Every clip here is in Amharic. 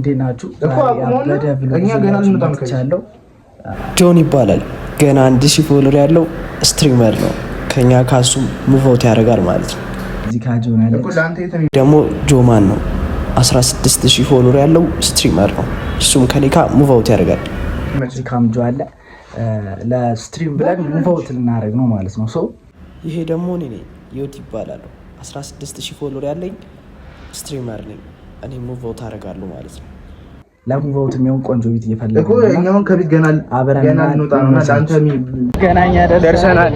እንዴት ጆን ይባላል። ገና አንድ ሺህ ፎሎር ያለው ስትሪመር ነው። ከኛ ካሱም ሙቮት ያደርጋል ማለት ነው። ደግሞ ጆማን ነው 16 ሺህ ፎሎር ያለው ስትሪመር ነው። እሱም ከኔካ ሙቮት ያደርጋል። ለስትሪም ብለን ሙቮት ልናደርግ ነው ማለት ነው። ሰው ይሄ ደግሞ እኔ ነኝ። ዮት ይባላሉ። 16 ሺህ ፎሎር ያለኝ ስትሪመር ነኝ። እኔ ሙቮት አደርጋለሁ ማለት ነው። ለጉባውት የሚሆን ቆንጆ ቤት እየፈለግን እኮ እኛውን ከቤት ገና ገና እንወጣ ነው። አንተ ገናኛ ደርሰናል።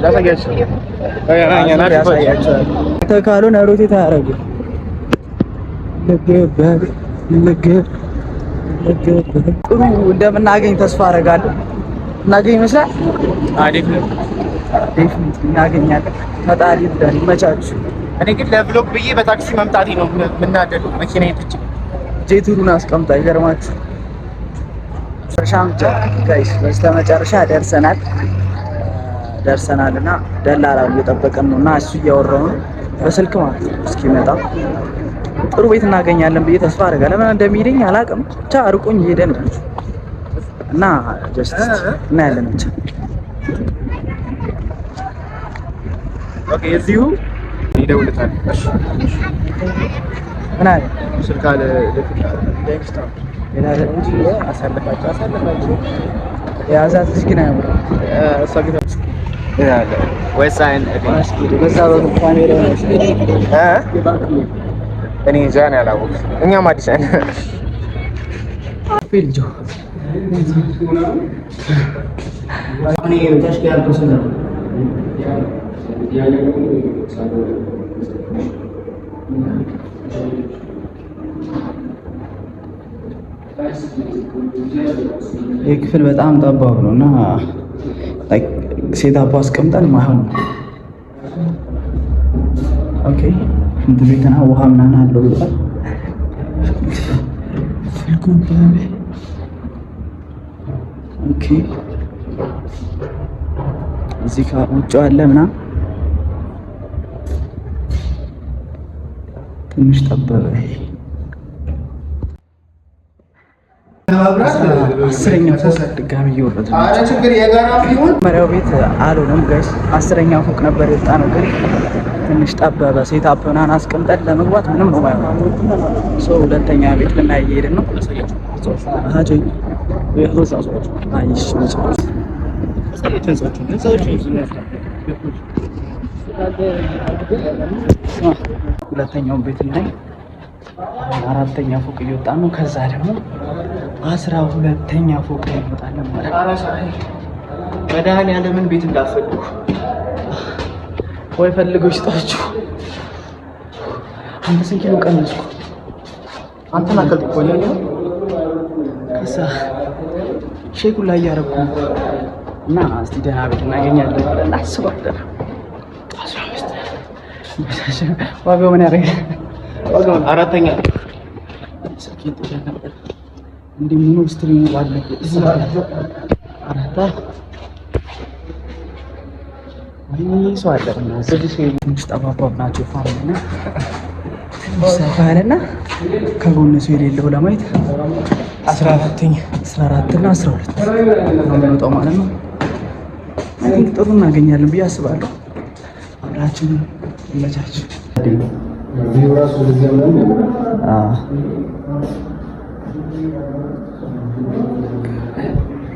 ተካሎ ነሮቴ ታረጉ ጥሩ እንደምናገኝ ተስፋ አደርጋለሁ። እናገኝ ይመስላል አሪፍ ነው። እናገኛለን። ፈጣሪ ይርዳን። ይመቻችሁ። እኔ ግን ለብሎክ ብዬ በታክሲ መምጣቴ ነው የምናደደው። መኪና ጄቱሩን አስቀምጣ። ይገርማችሁ ጋይስ በስተመጨረሻ ደርሰናል ደርሰናል እና ደላላው እየጠበቀን ነው እና እሱ እያወራው ነው በስልክ ማለት ነው። እስኪመጣ ጥሩ ቤት እናገኛለን ብዬ ተስፋ አደርጋለሁ። ለምን እንደሚሄደኝ አላውቅም፣ ብቻ ርቆኝ እየሄደ ነው እና ጀስት እናያለን ብቻ እዚሁ ይደውልታል የናገር እንጂ አሳልፋቸው አሳልፋቸው የያዛት እስኪ ነው ያምራ እሷ ግን እኔ እንጃ ነው ያላወቅሁት። እኛም አዲስ አይነት ይህ ክፍል በጣም ጠባብ ነው እና ሴት አባ አስቀምጠን ማይሆን ኦኬ። ሽንት ቤትና ውሃ ምናምን አለው ብሏል። ኦኬ። እዚህ ውጭ አለ ምናምን ትንሽ ጠበበ። አስረኛ ፎቅ ድጋሚ እየወረደ መሪያው ቤት አልሆነም። ጋይስ አስረኛ ፎቅ ነበር የወጣ ነው፣ ግን ትንሽ ጠበበ። ሴት አፕናን አስቀምጠን ለመግባት ምንም ነው ማለት ነው። ሁለተኛ ቤት ልናይ እየሄድን ነው። ሁለተኛውን ቤት ላይ አራተኛ ፎቅ እየወጣ ነው። ከዛ ደግሞ አስራ ሁለተኛ ፎቅ ላይ እንወጣለን ማለት ያለምን ቤት እንዳትፈልጉ ወይ ፈልገው ይስጣችሁ። አምስት ኪሎ ቀነስኩ። አንተን አከልኩ ወይ ከዛ ሼኩ ላይ እያረኩ እና እስቲ ደህና ቤት እናገኛለን ብለን አስባለን። ዋጋው ምን ያደርጋል? አራተኛ ስልኬን ጥያቄ ነበር እንደ ሚኒስትሪ ባለበት ያለና ከጎን ሰው የሌለው ለማየት አስራ አራተኛ አስራ አራት እና አስራ ሁለት ነው የሚወጣው ማለት ነው። ጥሩ እናገኛለን ብዬ አስባለሁ። አብራችን ይመቻችሁ።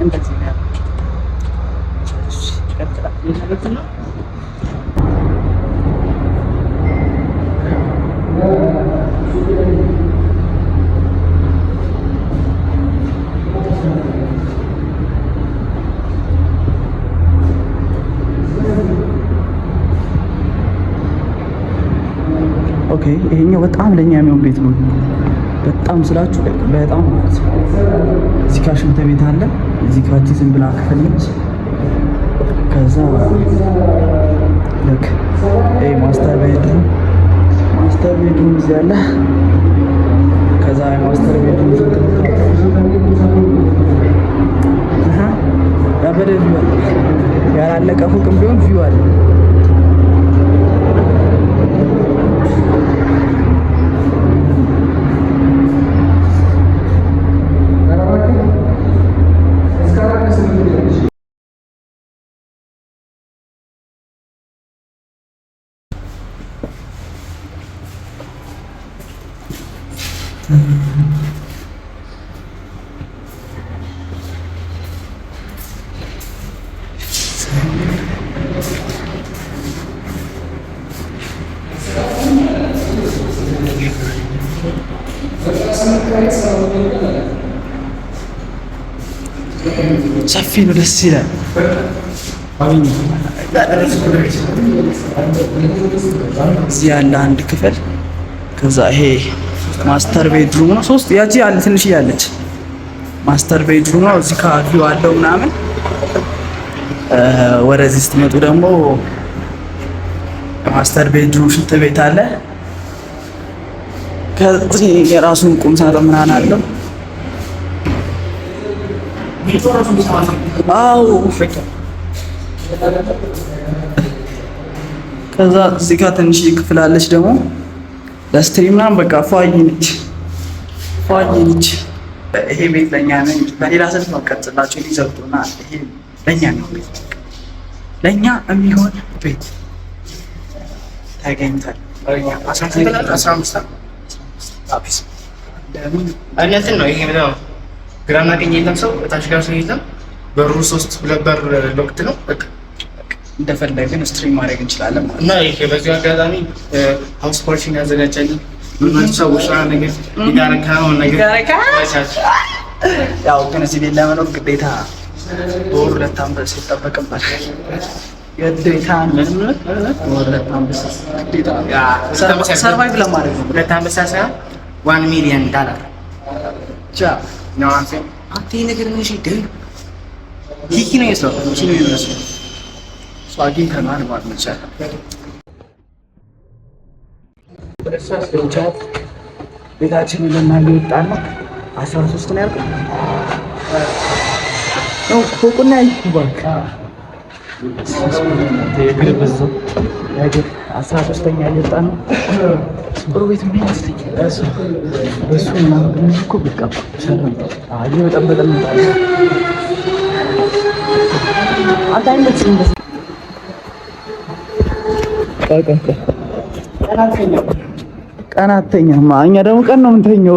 ኦኬ ይሄኛው በጣም ለኛ የሚሆን ቤት ነው። በጣም ስላችሁ በጣም ማለት ነው። አለ እዚህ ጋር ዝም ብላ ከፈለች ከዛ ልክ ይሄ ማስተር ቤድሩም ማስተር ቤድሩም እዚህ አለ። ከዛ ማስተር ቤድሩም ያበደ ቪው ያላለቀ ፎቅም ቢሆን ቪው አለ። ሰፊ ነው፣ ደስ ይላል። እዚህ ያለ አንድ ክፍል፣ ከዛ ይሄ ማስተር ቤድሩም ነው። ሶስት ያቺ ያለ ትንሽ ያለች ማስተር ቤድሩም ነው። እዚህ ካፊው አለው ምናምን። ወደዚህ ስትመጡ ደግሞ ማስተር ቤድሩም ሽንት ቤት አለ። ከዚህ የራሱን ቁም ሳጥን ምናምን አለው። አዎ ከዛ እዚህ ጋር ትንሽ ክፍል አለች ደግሞ ለስትሪም ምናምን በቃ ፏይ ነች፣ ፏይ ነች። ይሄ ቤት ለእኛ ነው። በሌላ ስልክ ነው ቀጥላቸው ይሄ ለእኛ ነው ቤት ለእኛ የሚሆን ቤት ተገኝታል። አስራ አምስት ነው እንትን ነው ይሄ ነው? ግራና ቀኝ የለም ሰው እታች ጋር ሰው የለም። በሩ ሶስት ሁለት በር ሎክት ነው። እንደፈለግን ስትሪም ማድረግ እንችላለን እና ይሄ በዚሁ አጋጣሚ ሀውስ ፓርቲን ያዘጋጃልን ሰዎች ነገር ይዳረካውን ነገር ያው ግን እዚህ ቤት ለመኖር ግዴታ በወር ሁለት አንበሳ ይጠበቅበታል። ግዴታ ሰርቫይቭ ለማድረግ ነው ሁለት አንበሳ ሳይሆን one million dollar. Job. You know what I'm saying? Ang tinagal mo siya, dude. Kikino yun, so. Kikino yun, so. So, I think I'm not about to check. Presas, Richard. Bilachi nila na late, ano? Asa ang susto na yun? No, kukun na yun. Bag. Ah. አስራ ሶስተኛ ሊወጣ ነው። ጥሩ ቤት ምን ይመስለኛል። በሱ ምናምን እኮ ቢቀባ ሰላም በጣም በጣም ቀናተኛ እኛ ደግሞ ቀን ነው የምንተኘው።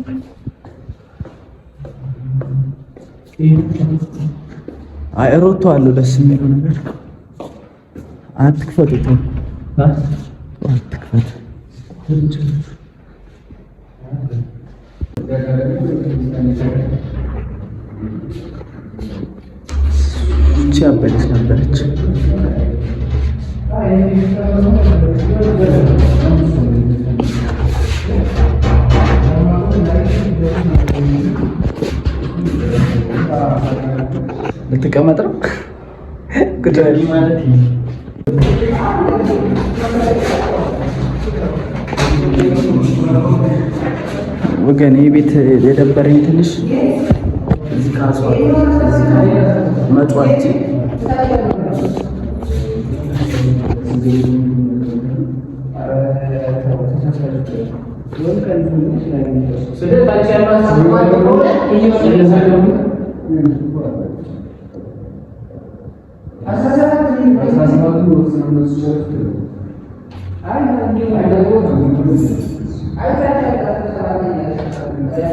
አይ ሮቶ አለው ደስ የሚለው ነገር አትክፈት፣ አትክፈት። እቺ አበደች ነበረች። ልትቀመጥ ነው። ወገን ይህ ቤት የደበረኝ ትንሽ መጫዋች Mas faz mal do outro, senão Deus Ai, não, não. Ai, não. a não A não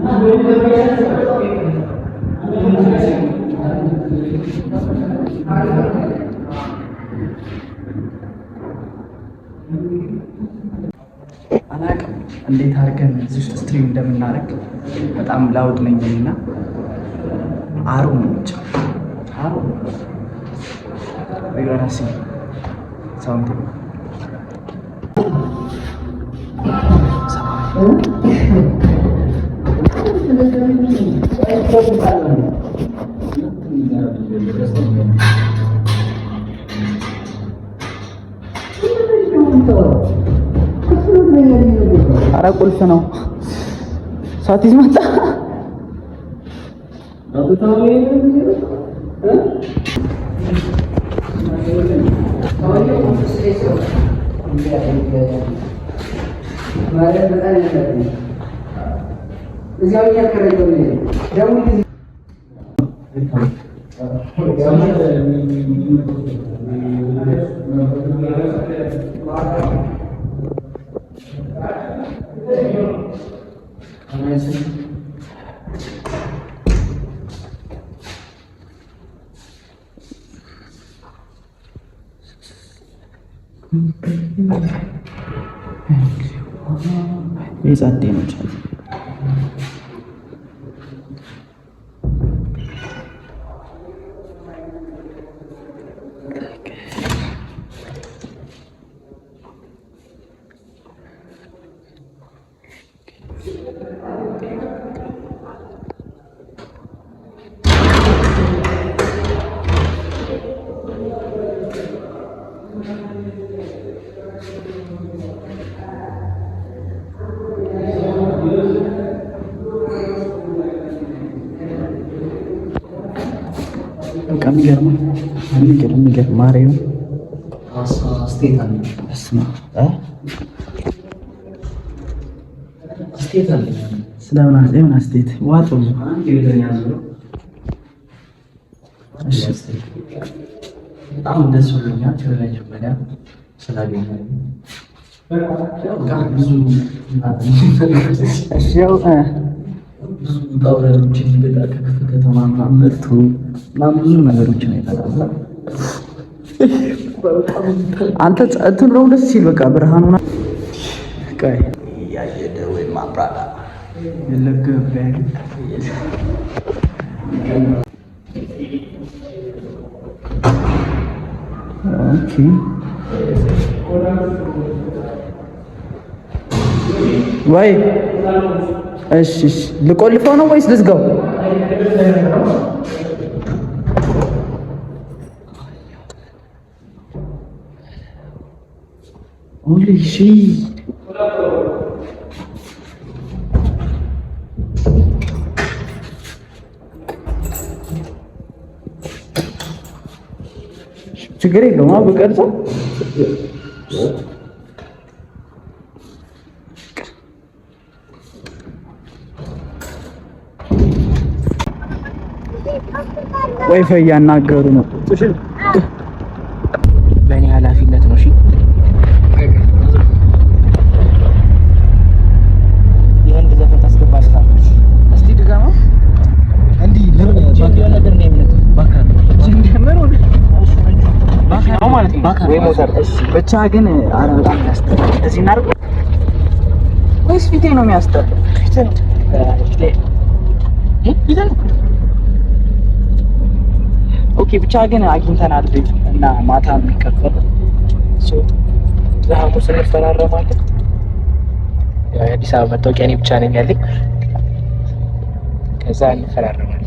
Não, eu não Eu não እንዴት አድርገን እዚህ ውስጥ ስትሪም እንደምናደርግ በጣም ላውድ ነኝ እና አሮ ነች አሮ ሲ ሳውንድ Thank አረ ቁልፍ ነው ሰዓት ይመጣ እዚያው ये सात तीन हो aja iya, kemarin. Rasa Stitan. Asma. Eh? Stitan. Sudah mana sih mana Stit? What was? Tidurnya dulu. Asma. Tahu udah sebelumnya cerita juga ya. Selagi ብዙ ነገሮችን የተናገርኩት ከተማ ምናምን መጥቶ እና ብዙ ነገሮችን የተናገርኩት አንተ እንትን ነው ደስ ሲል በቃ ብርሃኑ ቃይ ያየደ ወይ ማብራዳ ኦኬ ወይ እሺ ልቆልፈው ነው ወይስ ልዝጋው? Holy shit! ችግር የለውም። አሁን በቀርጾ ዋይፋይ እያናገሩ ነው። ብቻ ግን ኧረ በጣም ያስጠላል። እንደዚህ እናድርግ ወይስ ፊቴ ነው የሚያስጠላው? ኦኬ ብቻ ግን አግኝተናል ቤት እና ማታ የሚከፈል ለሐሙስ እንፈራረማለን። የአዲስ አበባ መታወቂያ እኔ ብቻ ነኝ ያለኝ። ከዛ እንፈራረማለን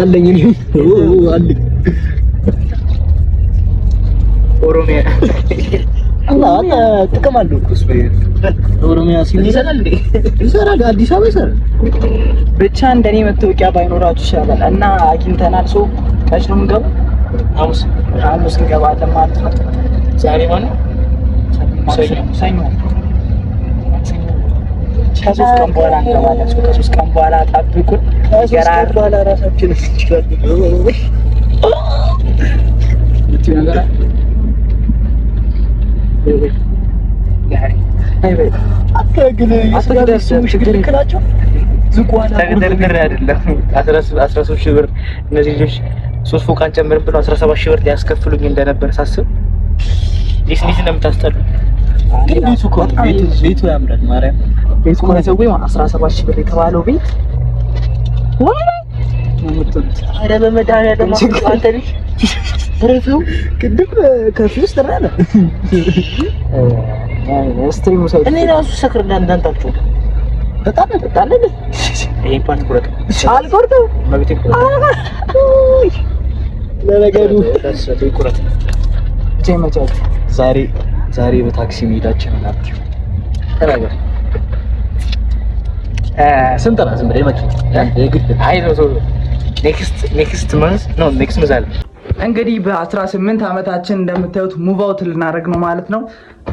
አለኝ አለኝ ኦሮሚያ ጥቅም አለው። ኦሮሚያ ይሰራል እንዴ? ይሰራል፣ አዲስ አበባ ይሰራል። ብቻ እንደኔ መታወቂያ ባይኖራችሁ ይሻላል። እና አግኝተናል። ሰው ቀጭ ነው የምንገባው። ሐሙስ ሐሙስ እንገባለን ማለት ነው። ዛሬ ማለት ሰኞ ከሶስት ቀን በኋላ እንገባለን። ከሶስት ቀን በኋላ ጠብቁን። ገራር በኋላ ራሳችን እንችላለን ተግደርድሬ አይደለም አስራ ሦስት ሺህ ብር እነዚህ ልጆች ሶስት ፎቅ አንጨምርም ብለው አስራ ሰባት ሺህ ብር ሊያስከፍሉኝ እንደነበር ሳስብ ሊስ ሊስ እንደምታስጠሉ ቤቱ ያምራል። ማርያም ቤቱ ነው ወይ አስራ ሺህ ብር የተባለው ቤት ኧረ በመድኃኒዓለም አንተ ልጅ ረፊው ቅድም ከፊ ውስጥ ስትሪሙ ሳይት እኔ ራሱ ሰክር እንዳንዳንታችሁ በጣም በጣም ይሄ ፓርት ቁረጥ አልቆርጠው መብቴ ቁረጥ ለነገሩ ቁረጥ ብቻ ይመቻችሁ። ዛሬ ዛሬ በታክሲ መሄዳችን ናችሁ ተናገር ስንጠራ ዝም ብለህ መኪና የግድ አይ ኔክስት ኔክስት መንዝ ነው ኔክስት መንዝ እንግዲህ በ18 ዓመታችን እንደምታዩት ሙቫውት ልናደርግ ነው ማለት ነው።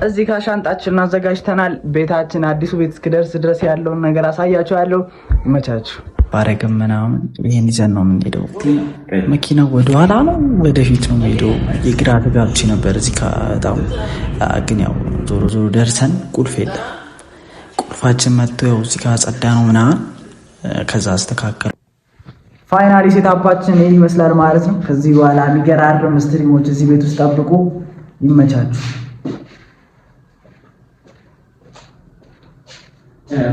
እዚህ ጋር ሻንጣችን አዘጋጅተናል። ቤታችን አዲሱ ቤት እስክደርስ ድረስ ያለውን ነገር አሳያቸው ያለው ይመቻችሁ። ባረግም ምናምን ይህን ይዘን ነው የምንሄደው። መኪናው ወደኋላ ነው ወደፊት ነው የምንሄደው። የግራ ተጋብቼ ነበር እዚህ በጣም ግን ያው ዞሮ ዞሮ ደርሰን ቁልፍ የለም። ቁልፋችን መጥቶ ያው እዚህ ጋር ጸዳ ነው ምናምን ከዛ አስተካከሉ። ፋይናሊ ሴታፓችን ይህ ይመስላል ማለት ነው። ከዚህ በኋላ የሚገራርም ስትሪሞች እዚህ ቤት ውስጥ ጠብቁ። ይመቻችሁ።